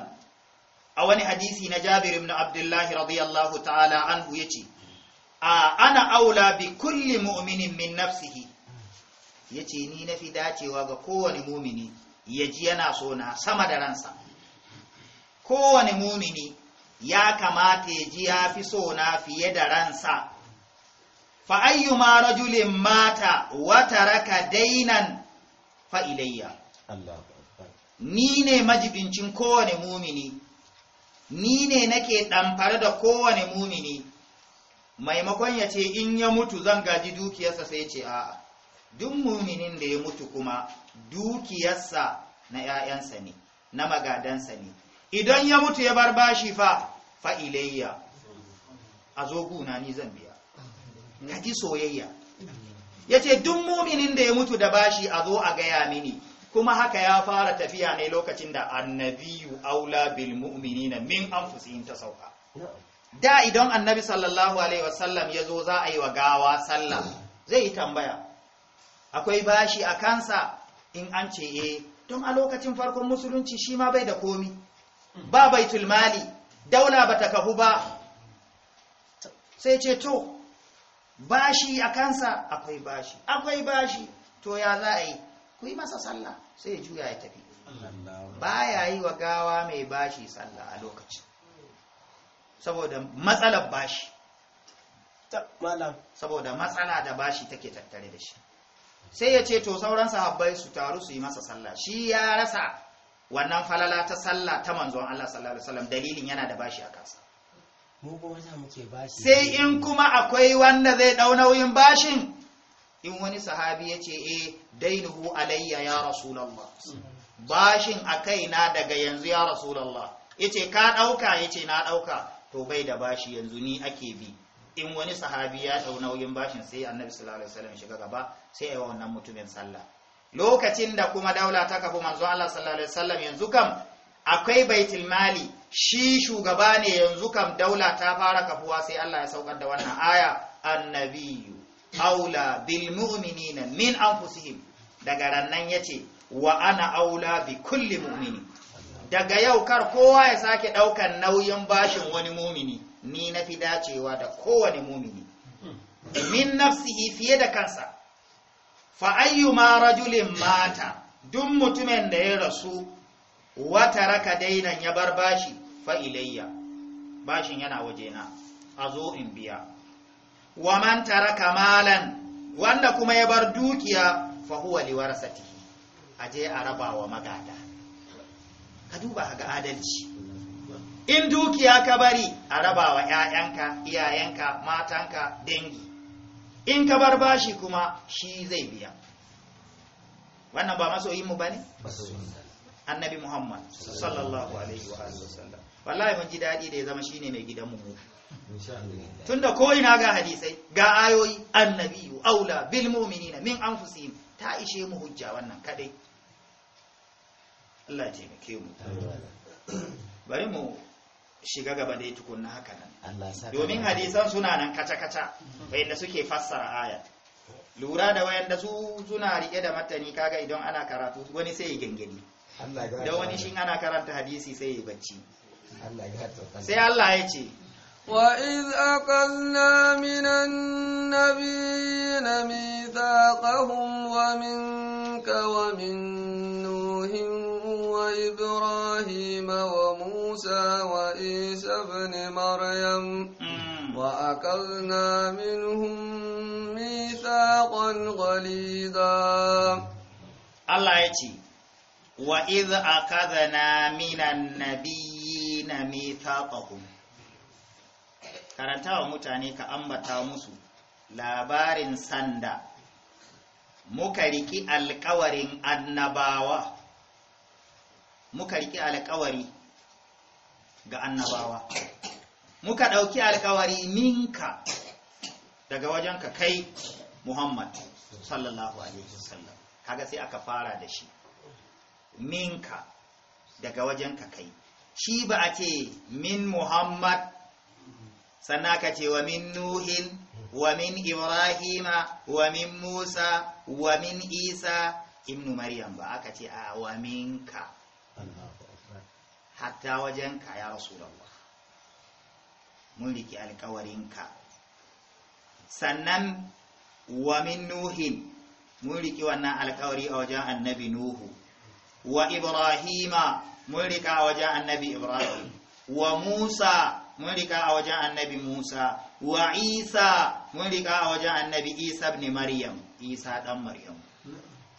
a wani hadisi na jabir ibn abdullahi radiyallahu ta'ala anhu yace a ana aula bi kulli mu'minin min nafsihi yace ni nafi dacewa ga kowane mumini ya ji yana so na sama da ransa kowane mumini ya kamata ya ji ya fi sona fiye da ransa fa ayyuma rajulin mata wa taraka dainan fa ilayya ni ne majibincin kowane mumini ni ne nake ɗamfare da kowane mumini maimakon ya ce in ya mutu zan gaji dukiyarsa sai ce a duk muminin da ya mutu kuma dukiyarsa na 'ya'yansa ne na magadansa ne idan ya mutu ya bar bashi fa fa ilayya a zo guna ni zan biya ka ji soyayya yace duk muminin da ya mutu da bashi a zo a gaya mini kuma haka ya fara tafiya ne lokacin da annabiyu aula bil mu'minina min anfusihim ta sauka da idan annabi sallallahu alaihi wasallam ya zo za a yi wa gawa sallah zai yi tambaya akwai bashi a kansa in an ce eh don a lokacin farkon musulunci shi ma bai da komi ba baitul mali daula bata kahu ba sai ce to bashi a kansa akwai bashi akwai bashi to ya za a yi ku yi masa sallah sai ya juya ya tafi Ba ya yi wa gawa mai bashi sallah a lokacin saboda matsalar bashi saboda matsala da bashi take tattare da shi sai ya ce to sauran Habbai su taru su yi masa sallah shi ya rasa wannan falala ta sallah ta manzon Allah sallallahu alaihi wasallam dalilin yana da bashi a kansa mu ba muke bashi sai in kuma akwai wanda zai dau nauyin bashin in wani sahabi yace eh dainuhu alayya ya rasulullah bashin akai na daga yanzu ya rasulullah yace ka dauka yace na dauka to bai da bashi yanzu ni ake bi in wani sahabi ya dau nauyin bashin sai annabi sallallahu alaihi wasallam shiga gaba sai ya wannan mutumin sallah lokacin da kuma daula ta kafu manzo Allah sallallahu alaihi wasallam yanzu kam akwai baitul mali shi shugaba ne yanzu kam daula ta fara kafuwa sai Allah ya saukar da wannan aya annabiyyu aula bil mu'minina min anfusihim daga rannan yace wa ana aula bi kulli mu'mini daga yau kar kowa ya sake daukan nauyin bashin wani mumini ni na fi dacewa da kowane mumini min nafsihi fiye da kansa fa ayyuma rajulin mata duk mutumin da ya rasu wata raka dainan ya bar bashi fa ilayya bashin yana wajena a zo in biya wa man taraka malan wanda kuma ya bar dukiya fa huwa liwarasatihi aje a raba wa magada ka duba ga adalci in dukiya ka bari a raba wa 'ya'yanka iyayenka matanka dangi in ka bar bashi kuma shi zai biya wannan ba masoyin mu bane annabi muhammad sallallahu alaihi wa alihi wasallam wallahi mun ji dadi da ya zama shi ne mai gidan mu tunda ko ina ga hadisai ga ayoyi annabiyu aula bil mu'minina min anfusihim ta ishe mu hujja wannan kadai Allah ya taimake mu bari mu shiga gaba dai tukunna haka nan domin hadisan suna nan kaca-kaca wayanda suke fassara ayat lura da wayanda su suna rike da matani kaga idan ana karatu wani sai ya gangani da wani shin ana karanta hadisi sai ya bacci sai Allah ya ce وإذ أقلنا من النبيين ميثاقهم wa min. إبراهيم وموسى وعيسى ابن مريم وأكلنا منهم ميثاقا غليظا الله يجي وإذ أخذنا من النبيين ميثاقهم karantawa mutane ka ambata musu labarin sanda muka riki alkawarin annabawa muka riƙe alƙawari ga annabawa muka ɗauki alƙawari minka daga wajenka kai muhammad sallallahu alaihi wasallam kaga sai aka fara da shi minka daga wajenka kai shi ba a ce min muhammad sannan ka ce wa min nuhin wa min ibrahima wa min musa wa min isa ibnu maryam ba aka ce a wa minka hatta wajenka ya rasulallah mun riki alkawarinka sannan wa min nuhin mun riki wannan alkawari a wajen annabi nuhu wa ibrahima mun rika a wajen annabi ibrahim wa musa mun rika a wajen annabi musa wa isa mun rika a wajen annabi isa ibn maryam isa dan maryam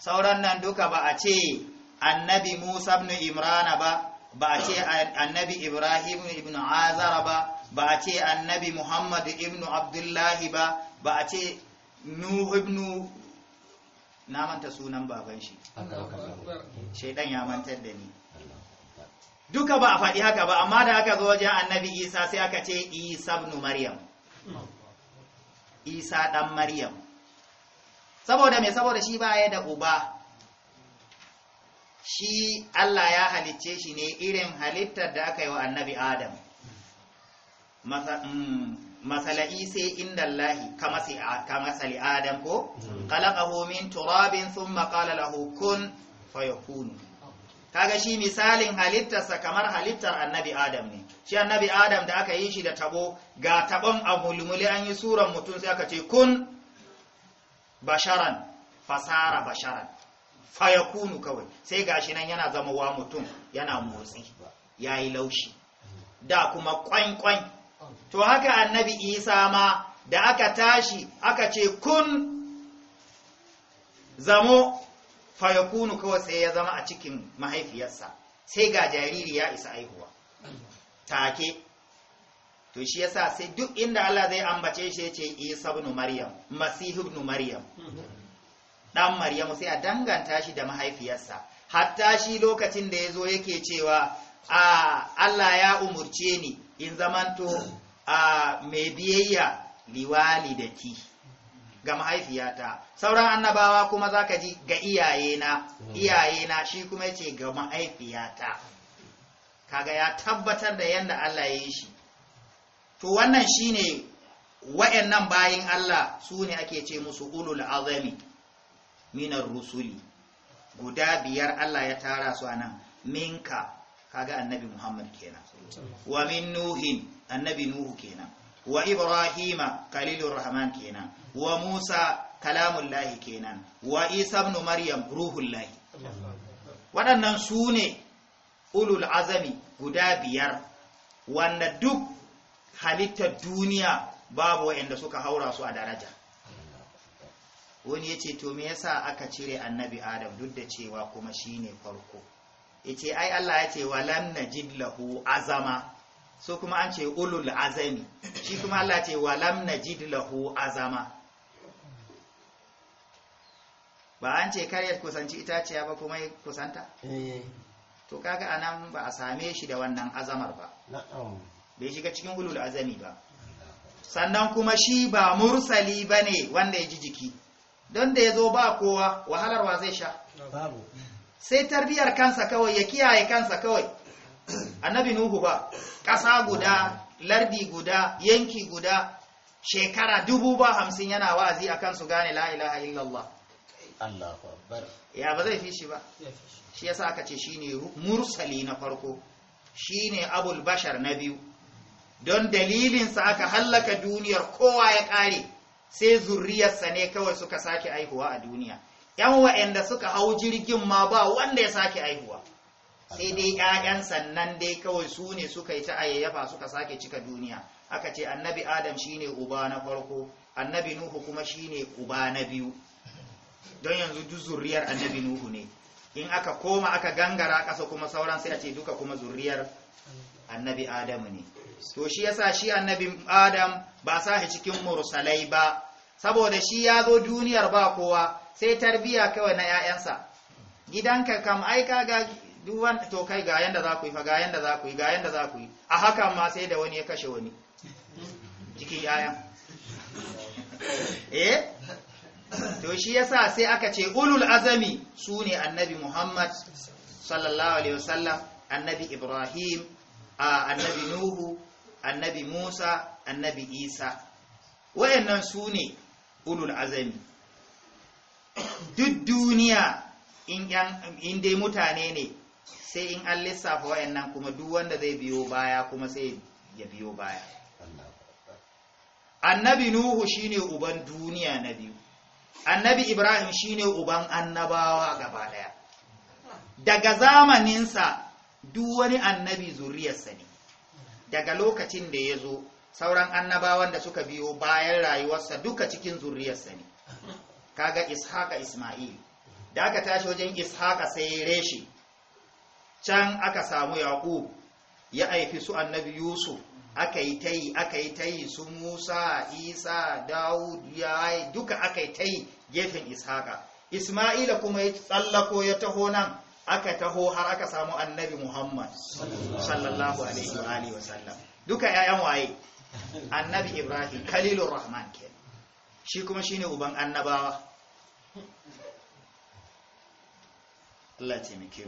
sauran nan duka ba a ce annabi musa ibn imrana ba ba a ce annabi ibrahim ibn azara ba ba a ce annabi muhammad ibn abdullahi ba ba a ce nuhu ibn na manta sunan baban shi shaidan ya mantar da ni duka ba a faɗi haka ba amma da aka zo wajen annabi isa sai aka ce isa ibn maryam isa dan maryam saboda me saboda shi ba ya da uba shi Allah ya halicce shi ne irin halittar da aka yi wa annabi Adam. Mm, masala'i sai inda Allahi ka masali Adam ko, mm. kalakahu min turabin sun makala lahu fayakunu. Kaga shi misalin halittarsa kamar halittar annabi Adam ne. Shi annabi Adam da aka yi shi da tabo ga tabon a mulmuli an yi suran mutum sai aka ce kun basharan fasara basharan. fayakunu kawai sai gashi nan yana zama wa mutum yana motsi ya yi laushi da kuma kwankwan to haka annabi isa ma da aka tashi aka ce kun zamo fayakunu kawai sai ya zama a cikin mahaifiyarsa sai ga jariri ya isa aihuwa take to shi yasa sai duk inda Allah zai ambace shi ce Isa ibn Maryam Masih ibn Maryam ɗan maryamu sai a danganta shi da mahaifiyarsa hatta shi lokacin da ya zo yake cewa a allah ya umurce ni in zamanto a mai biyayya liwali da ki ga mahaifiyata sauran annabawa kuma za ka ji ga iyayena iyayena shi kuma ce ga mahaifiyata kaga ya tabbatar da yadda allah ya yi shi to wannan shine wa'annan bayin allah su ne ake ce musu ulul azami minar rusuli guda biyar Allah ya tara su anan minka kaga annabi Muhammad kenan wa min nuhin annabi nuhu kenan wa ibrahima kalilur rahman kenan wa musa Lahi kenan wa isa ibn maryam Lahi. waɗannan su ne ulul azami guda biyar wanda duk halittar duniya babu waɗanda suka haura su a daraja wani ya ce to me yasa aka cire annabi adam duk da cewa kuma shi ne farko ce, ai Allah ya ce walam najid lahu azama so kuma an ce ulul azami shi kuma Allah ya ce walam najid lahu azama ba an ce kar kusanci itaciya ba kuma ya kusanta eh. to kaga anan ba a same shi da wannan azamar ba bai shiga cikin ulul azami ba sannan kuma shi ba mursali bane wanda ya ji jiki don da ya zo ba kowa wahalarwa zai sha sai tarbiyar kansa kawai ya kiyaye kansa kawai annabi nuhu ba ƙasa guda lardi guda yanki guda shekara dubu ba hamsin yana wa'azi a kansu gane la ilaha illallah ya ba zai fi shi ba shi sa aka ce shi ne mursali na farko shine abul bashar na biyu don dalilinsa aka hallaka duniyar kowa ya ƙare sai zurriyarsa ne kawai suka sake aihuwa a duniya yan wa'anda suka hau jirgin ma ba wanda ya sake aihuwa sai dai ƴaƴan sannan dai kawai su ne suka yi ta ayyafa suka sake cika duniya aka ce annabi adam shine uba na farko annabi nuhu kuma shine uba na biyu don yanzu duk zurriyar annabi nuhu ne in aka koma aka gangara ƙasa kuma sauran sai a ce duka kuma zurriyar annabi adam ne to shi yasa shi annabi adam ba sa shi cikin mursalai ba saboda shi ya zo duniyar ba kowa sai tarbiya kawai na 'ya'yansa gidanka kam aika ga duwan to kai ga yanda za ku yi fa ga yanda za ku yi ga yanda za ku yi a haka ma sai da wani ya kashe wani ciki 'ya'yan eh to shi yasa sai aka ce ulul azami su ne annabi Muhammad sallallahu alaihi wasallam annabi Ibrahim annabi Nuhu annabi Musa annabi isa wayannan su ne ulul azami duk duniya in dai mutane ne sai in an lissafa wayannan kuma duk wanda zai biyo baya kuma sai ya biyo baya annabi nuhu shine uban duniya na biyu annabi ibrahim shine uban annabawa gaba daya daga zamaninsa duk wani annabi zuriyarsa ne daga lokacin da ya zo sauran annabawan da suka biyo bayan rayuwarsa duka cikin zuriyarsa ne kaga ishaqa isma'il da aka tashi wajen ishaqa sai reshe. can aka samu yaqub ya aifi su annabi yusuf aka yi tayi aka yi tayi su musa isa dawud yayi duka aka yi tayi gefen ishaqa isma'ila kuma ya tsallako ya taho nan aka taho har aka samu annabi muhammad sallallahu alaihi wa alihi duka 'ya'yan waye annabi ibrahim khalilur rahman ke shi kuma shine uban annabawa Allah ya taimake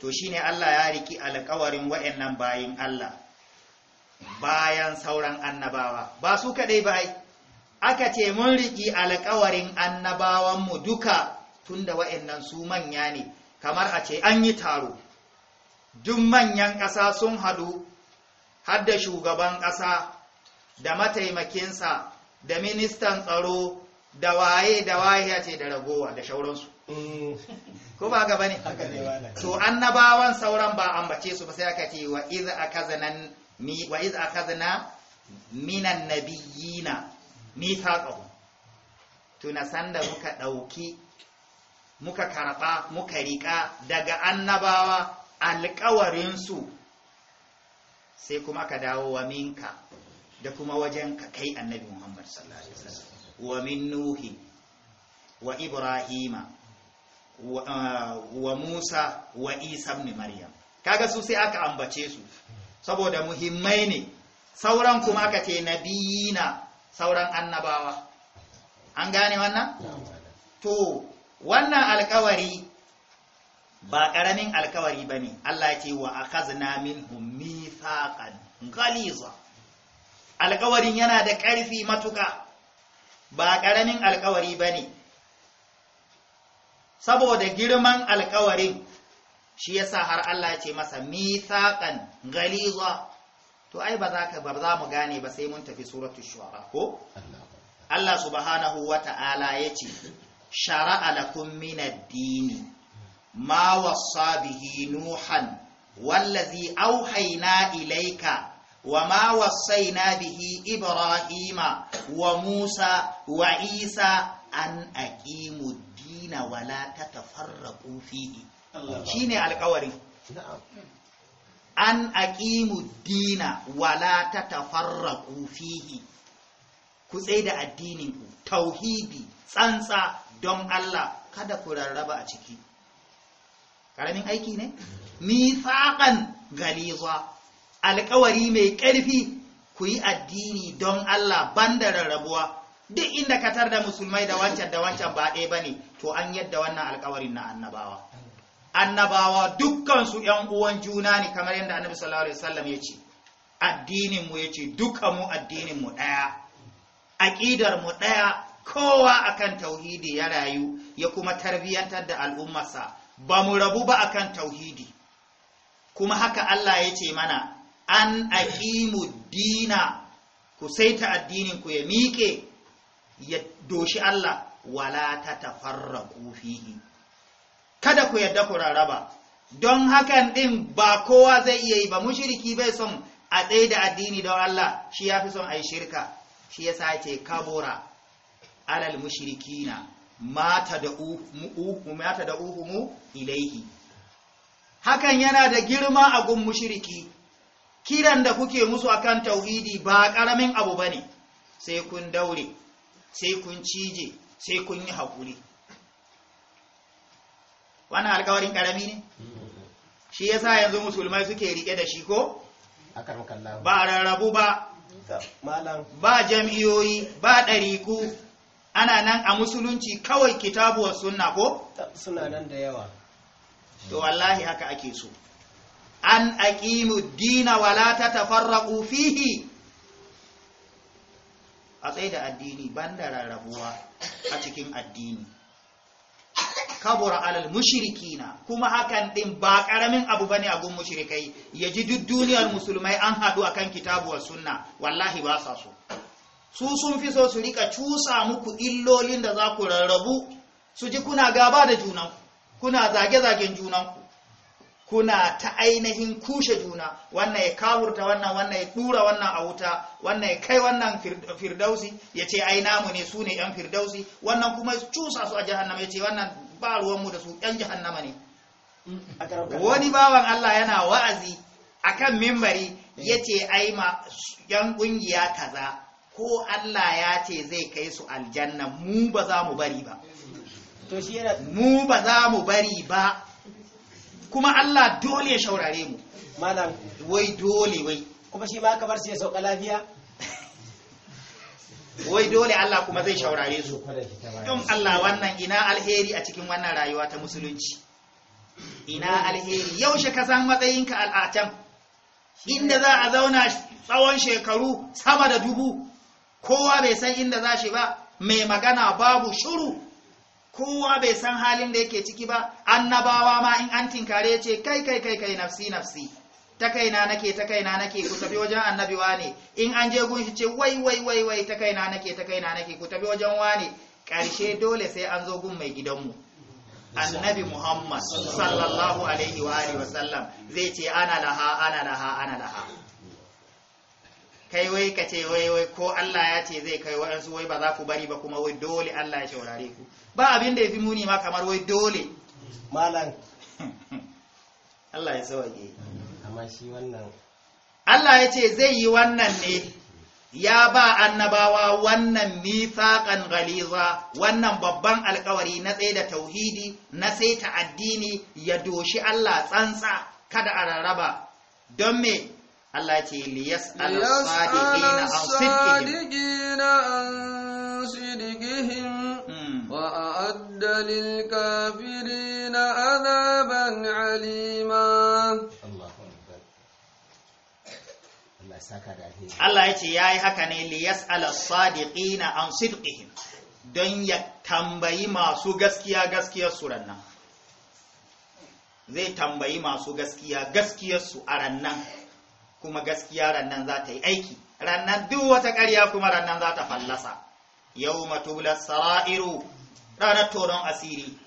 to shine Allah ya riki alƙawarin waɗannan bayin Allah bayan sauran annabawa ba su kadai ba ai? aka ce mun riki alƙawarin annabawan mu duka tunda waɗannan su manya ne kamar a ce an yi taro duk manyan ƙasa sun haɗu har da shugaban ƙasa da mataimakinsa da ministan tsaro da waye da waye ya ce da ragowa da shauransu mm. ko ba gaba to annabawan sauran ba ambace su ba sai aka ce wa iz akazana mi wa iz akazana minan nabiyina mithaqahum tuna sanda muka dauki muka karaba muka rika daga annabawa alƙawarin su sai kuma ka dawo wa minka da kuma wajen ka kai annabi Muhammad sallallahu alaihi wasallam wa min nuhi wa ibrahima uh, wa, Musa wa Isa ibn Maryam kaga su sai aka ambace su saboda muhimmai ne sauran kuma aka ce nabiyina sauran annabawa an gane wannan to wannan alkawari ba ƙaramin alkawari bane ne Allah ce wa akhazna minhum mithaqan ghaliza alƙawarin yana da ƙarfi matuƙa. ba ƙaramin alƙawari bane saboda girman alƙawarin shi yasa har Allah ya ce masa mithaqan ghaliza to ai ba za ka ba za mu gane ba sai mun tafi suratul shuara ko Allah subhanahu wata'ala ce shara'a lakum ad dini ma wasa bihi nuhan wallazi auhaina ilaika wa ma wasaina bihi ibrahima wa musa wa isa an aqimu dina wa la tatafarraqu fihi shine alƙawari an dina wa la tatafarraqu fihi ku da addinin ku tauhidi tsantsa don Allah kada ku rarraba a ciki karamin aiki ne mifaƙan galiza alƙawari mai ƙarfi ku yi addini don Allah banda rarrabuwa duk inda ka tar da musulmai da wancan da wancan ba ɗaya bane to an yadda wannan alƙawarin na annabawa annabawa dukkan su ƴan uwan juna ne kamar yadda annabi sallallahu alaihi wasallam ya ce addinin mu ce, dukkan mu addinin mu ɗaya aƙidar mu ɗaya kowa akan tauhidi ya rayu ya kuma tarbiyantar da al'ummarsa ba mu rabu ba a kan tauhidi kuma haka Allah ya ce mana an aqimu dina ku saita addinin ku ya miƙe ya doshi Allah wala ta tafarraku fihi kada ku yadda ku raraba don hakan ɗin ba kowa zai iya yi ba mushriki bai son a tsaye da addini don Allah shi ya fi son a yi shirka shi ya sace kabura alal mushrikina mata da uhu mata da uhumu ilaihi hakan yana da girma a gun mushriki kiran da kuke musu akan tauhidi ba karamin abu bane sai kun daure sai kun cije sai kun yi hakuri wannan alƙawarin karami ne shi yasa yanzu musulmai suke rike da shi ko ba rarrabu ba ba jam'iyoyi ba ɗariku ana nan a musulunci kawai kitabu wa sunna ko suna nan da yawa to wallahi haka ake so an aqimu dina wala ta tatafarraqu fihi a tsaye da addini banda rarrabuwa a cikin addini kabura alal mushrikina kuma hakan din ba karamin abu bane a gun mushrikai yaji duk duniyar musulmai an hadu akan kitabu wa sunna wallahi ba sa so su sun fi so su rika cusa muku illolin da za ku rarrabu su ji kuna gaba da junan kuna zage-zagen junan kuna ta ainihin kushe juna wannan ya kawurta wannan wannan ya dura wannan a wuta wannan ya kai wannan firdausi ya ce ai namu ne su ne yan firdausi wannan kuma cusa su a jahannama ya ce wannan ba ruwanmu da su yan jahannama ne wani bawan Allah yana wa'azi akan mimbari ya ce ai ma yan kungiya kaza ko Allah ya ce zai kai su aljanna mu ba za mu bari ba to shi yana mu ba za mu bari ba kuma Allah dole ya shaurare mu malam wai dole wai kuma shi ka bar sai ya sauka lafiya wai dole Allah kuma zai shaurare su don Allah wannan ina alheri a cikin wannan rayuwa ta musulunci ina alheri yaushe ka san matsayinka al'atan inda za a zauna tsawon shekaru sama da dubu kowa bai san inda za shi ba mai magana babu shuru kowa bai san halin da yake ciki ba annabawa ma in an tinkare ce kai kai kai kai nafsi nafsi ta kaina nake ta kaina nake ku tafi wajen annabi wane in an je gun shi ce wai wai wai wai ta kaina nake ta kaina nake ku tafi wajen wane karshe dole sai an zo gun mai gidanmu annabi muhammad sallallahu alaihi wa alihi wa sallam zai ce ana laha ana laha ana laha kai wai ka ce wai wai ko Allah ya ce zai kai waɗansu wai ba za ku bari ba kuma wai dole Allah ya shaurare ku ba abin da ya fi muni ma kamar wai dole malam Allah ya sauke amma shi wannan Allah ya ce zai yi wannan ne ya ba annabawa wannan mithaqan ghaliza wannan babban alkawari na tsaye da tauhidi na saita addini ya doshi Allah tsantsa kada a rarraba don me Allah ce liyas ala sadiqina an sidqihim hmm. wa a'adda lil kafirina adaban alima Allah ya ce ya yi haka ne liyas alasadiƙina an sidƙihim don ya tambayi masu gaskiya gaskiyar su rannan zai tambayi masu gaskiya gaskiyar su a rannan kuma gaskiya rannan za ta yi aiki rannan duk wata ƙarya kuma rannan za ta fallasa yau matubula sara'iru ranar toron asiri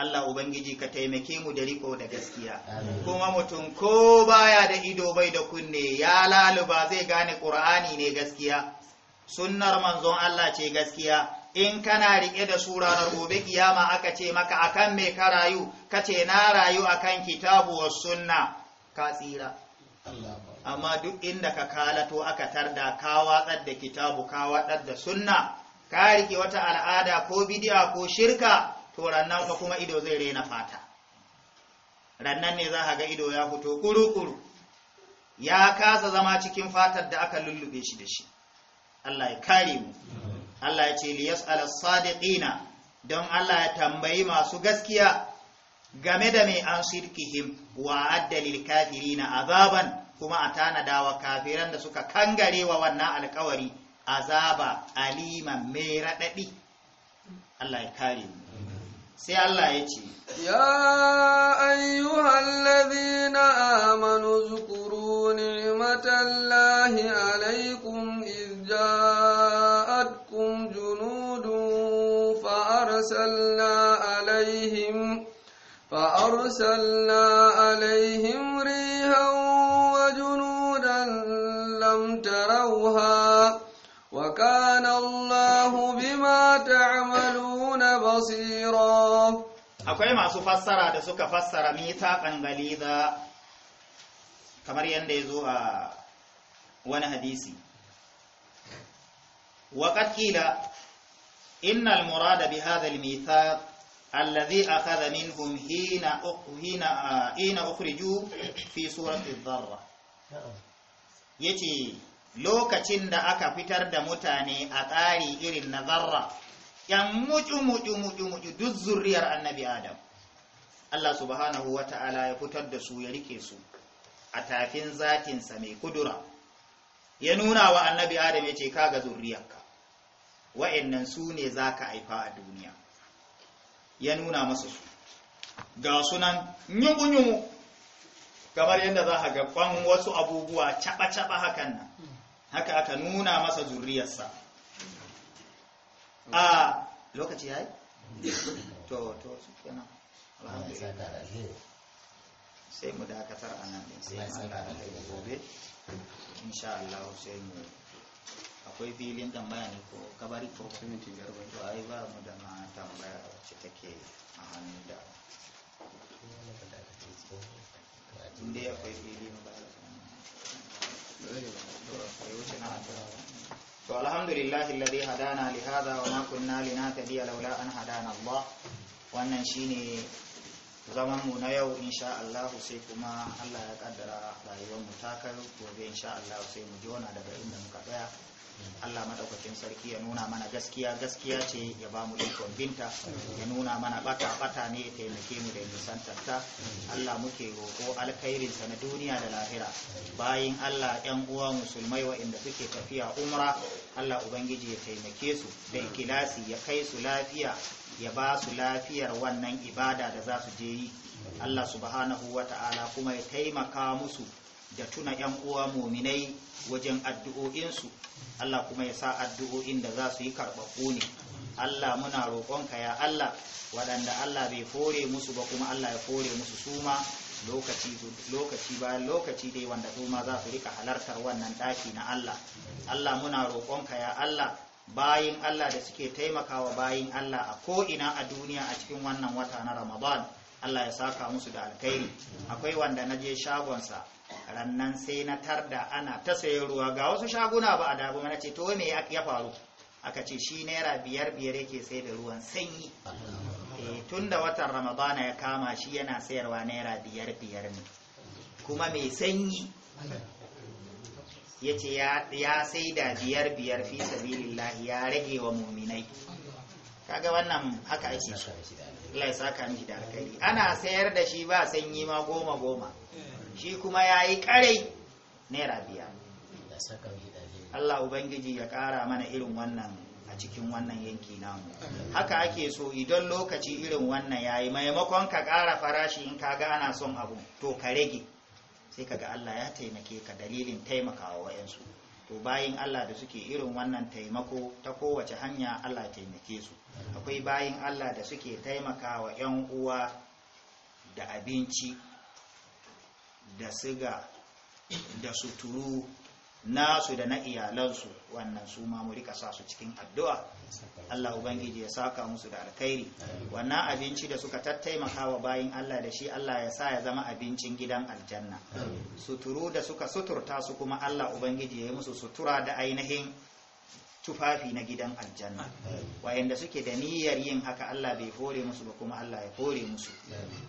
Allah Ubangiji ka taimake mu da riko da gaskiya kuma mutum ko baya da ido bai da kunne ya laluba zai gane ƙur'ani ne gaskiya sunnar manzon Allah ce gaskiya in kana rike da su ranar gobe kiyama aka ce maka akan me ka rayu ka ce na rayu akan kitabu wa sunna ka tsira amma duk inda ka kalato aka tarda ka watsar da kitabu ka watsar da sunna ka rike wata al'ada ko bidiya ko shirka to rannan fa kuma ido zai rena fata rannan ne za ka ga ido ya fito kuru-kuru ya kasa zama cikin fatar da aka lullube shi da shi Allah ya kare mu Allah ya ce liyas ala sadiqina don Allah ya tambayi masu gaskiya game da mai an sirkihim wa addalil kafirina azaban kuma a tanada wa kafiran da suka kangare wa wannan alkawari azaba aliman mai raɗaɗi Allah ya kare mu sai Allah ya ce ya ayyuhallazina amanu zukuru matallahi alaikum iz ja'atkum junudun fa arsalna alaihim فأرسلنا عليهم ريحا وجنودا لم تروها وكان الله بما تعملون بصيرا akwai masu fassara da suka fassara mitaƙan galiza kamar yadda ya zo a wani hadisi waƙaƙila innal murada bi hadha alladhi akhadha minhum hina yace lokacin da aka fitar da mutane a tsari irin na yan mucu mucu duk zurriyar annabi ta'ala ya fitar da su ya rike su a tafin zatinsa mai kudura ya nuna wa annabi adam ya ce su ne za ka haifa a duniya ya nuna masa su ga sunan nyugu-nyugu kamar yadda za a ga kwan wasu abubuwa caba-caba hakan nan haka aka nuna masa zurriyarsa a lokaci ya yi? to to su kenan sai mu dakatar a nan sai mu dakatar gobe insha Allah sai mu akwai filin tambaya ne ko kabari ko minti biyar ba to ai ba mu da ma tambaya wacce take a hannun da inda ya akwai filin ba to alhamdulillah alladhi hadana li hadha wa ma kunna linahtadiya laula an hadana Allah wannan shine zaman mu na yau insha Allah sai kuma Allah ya kaddara rayuwar mu ta kai gobe insha Allah sai mu jona daga inda muka tsaya Allah madaukakin sarki ya nuna mana gaskiya gaskiya ce ya ba mu ikon binta ya nuna mana bata bata ne ya taimake mu da nisantarta Allah muke roƙo sa na duniya da lahira bayin Allah yan uwa musulmai waɗanda suke tafiya umra Allah ubangiji ya taimake su da ikilasi ya kai su lafiya ya ba su lafiyar wannan ibada da za su je yi Allah subhanahu wa ta'ala kuma ya taimaka musu da tuna yan uwa muminai wajen addu'o'insu Allah kuma ya sa addu'o'in da za su yi karɓaɓɓu ne Allah muna roƙonka ya Allah waɗanda Allah bai fore musu ba kuma Allah ya fore musu suma lokaci lokaci bayan lokaci dai wanda suma za su rika halartar wannan ɗaki na Allah Allah muna roƙonka ya Allah bayin Allah da suke taimakawa bayin Allah a ko'ina a duniya a cikin wannan wata na Ramadan Allah ya saka musu da alkhairi akwai wanda na je shagonsa rannan sai na tarda ana ta sayan ruwa ga wasu shaguna ba a dabu mana ce to me ya faru aka ce shi naira biyar biyar yake sai da ruwan sanyi eh, tun da watan ramadana ya kama shi yana sayarwa naira biyar biyar ne kuma mai sanyi ya ce ya sai da biyar biyar fi sabilillahi ya rage wa muminai kaga wannan haka ake Allah ya saka miki da alkali ana sayar da shi ba sanyi ma goma goma shi kuma ya yi ƙarai naira biyar Allah Ubangiji ya ƙara mana irin wannan a cikin wannan yanki namu haka ake so idan lokaci irin wannan ya yi, maimakon ka ƙara farashi in kaga ana son abu to ka rage sai kaga Allah ya taimake ka dalilin taimakawa wayansu to bayin Allah da suke irin wannan taimako ta kowace hanya Allah taimake su akwai bayin Allah da suke taimakawa 'yan uwa da abinci da siga da suturu nasu da na iyalansu wannan su ma mu rika sa su cikin addu'a Allah ubangiji ya saka musu da alkhairi wannan abinci da suka tattaimaka wa bayin Allah da shi Allah ya sa ya zama abincin gidan aljanna suturu da suka suturta su kuma Allah ubangiji ya yi musu sutura da ainihin tufafi na gidan aljanna wayanda suke da niyyar yin haka Allah bai hore musu ba kuma Allah ya hore musu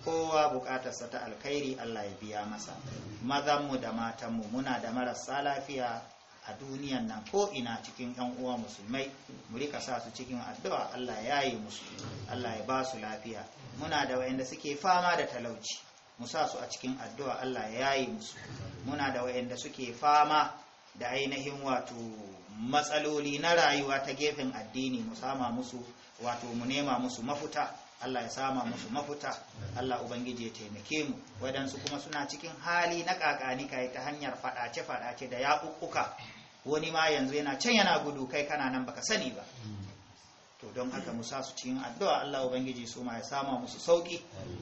kowa sa ta alkhairi Allah ya biya masa mazan mu da matanmu muna da marasa lafiya a duniyan nan ko ina cikin yan uwa musulmai mu rika sa su cikin addu'a Allah ya yi musu Allah ya ba su lafiya muna da wayanda suke fama da talauci mu sa su a cikin addu'a Allah ya yi musu muna da wayanda suke fama da ainihin wato matsaloli na rayuwa ta gefen addini mu sama musu wato mu nema musu mafuta Allah ya sama musu mafuta Allah ubangiji ya taimake mu wadansu kuma suna cikin hali na kakani kai ta hanyar fadace fadace da yakukkuka wani ma yanzu yana can yana gudu kai kana nan baka sani ba to don haka mu sa su cikin addu'a Allah ubangiji su ma ya sama musu sauki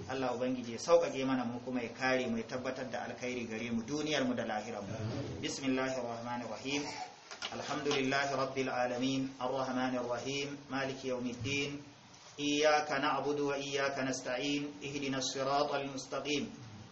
Allah ubangiji ya sauƙaƙe mana mu kuma ya kare mu ya tabbatar da alkhairi gare mu duniyar mu da lahirar mu bismillahir rahmanir rahim alhamdulillahi rabbil alamin arrahmanir rahim maliki yawmiddin iyyaka na'budu wa iyyaka nasta'in ihdinas siratal mustaqim